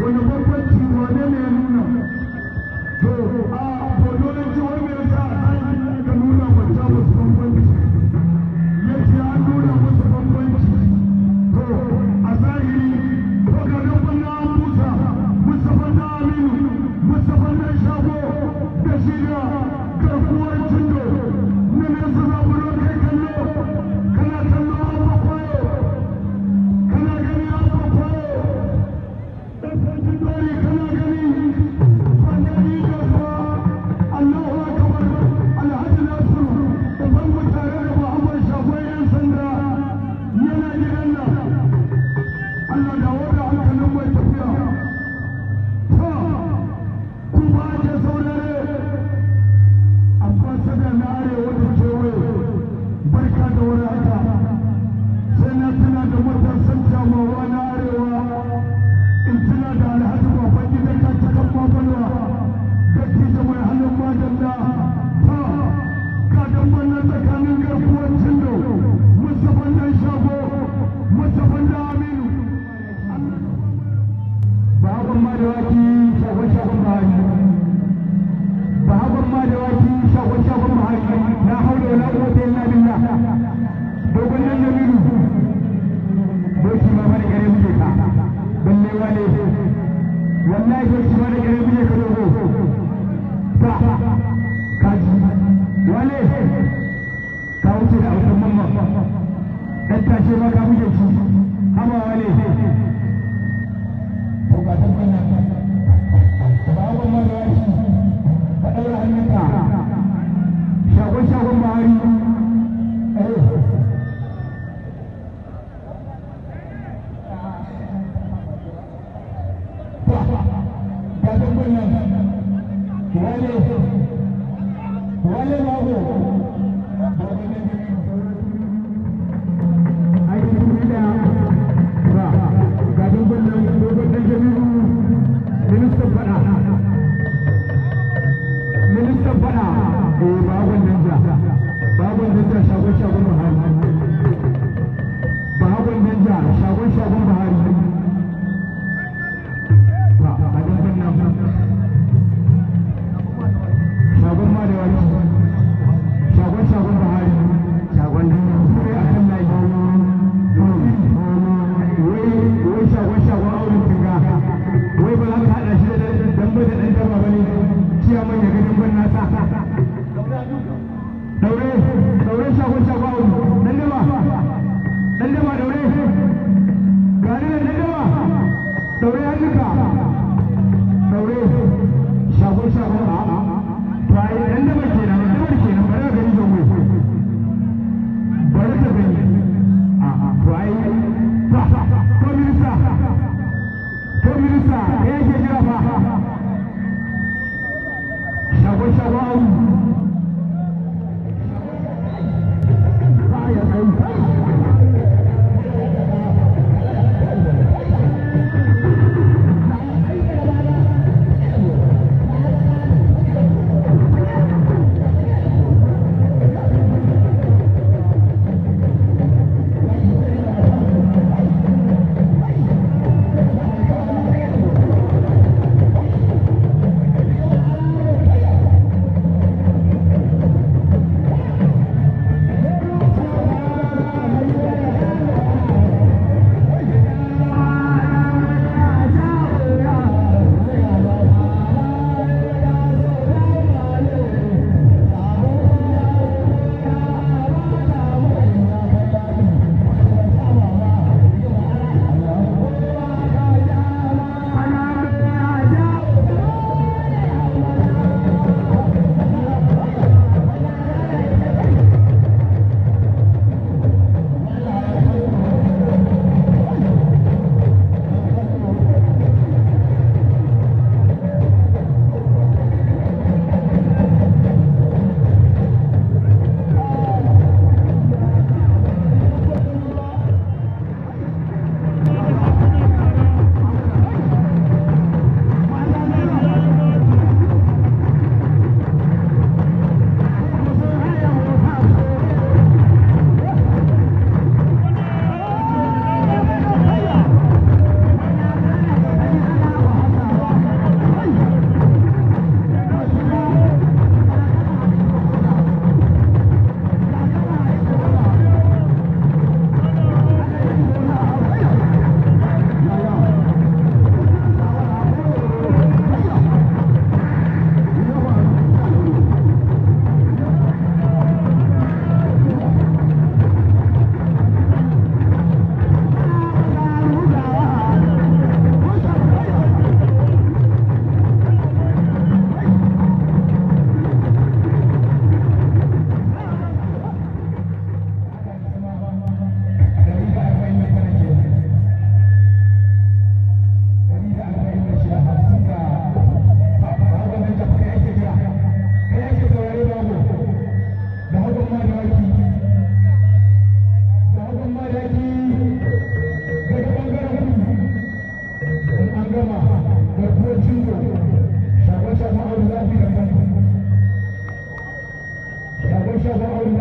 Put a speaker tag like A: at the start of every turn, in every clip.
A: wani bambanci wane ne nuna to a bodo ya ce wani mai sa a kan ka nuna wancan wasu bambanci ya ce an nuna wasu bambanci to a zahiri ko garin bana musa musa bana aminu musa wale ka wuce da autan mamma tashe ma ka ci wale bukatun shagon shagon bahari Thank you. Wale babu. Shabbat shalom.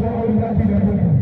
A: Gracias.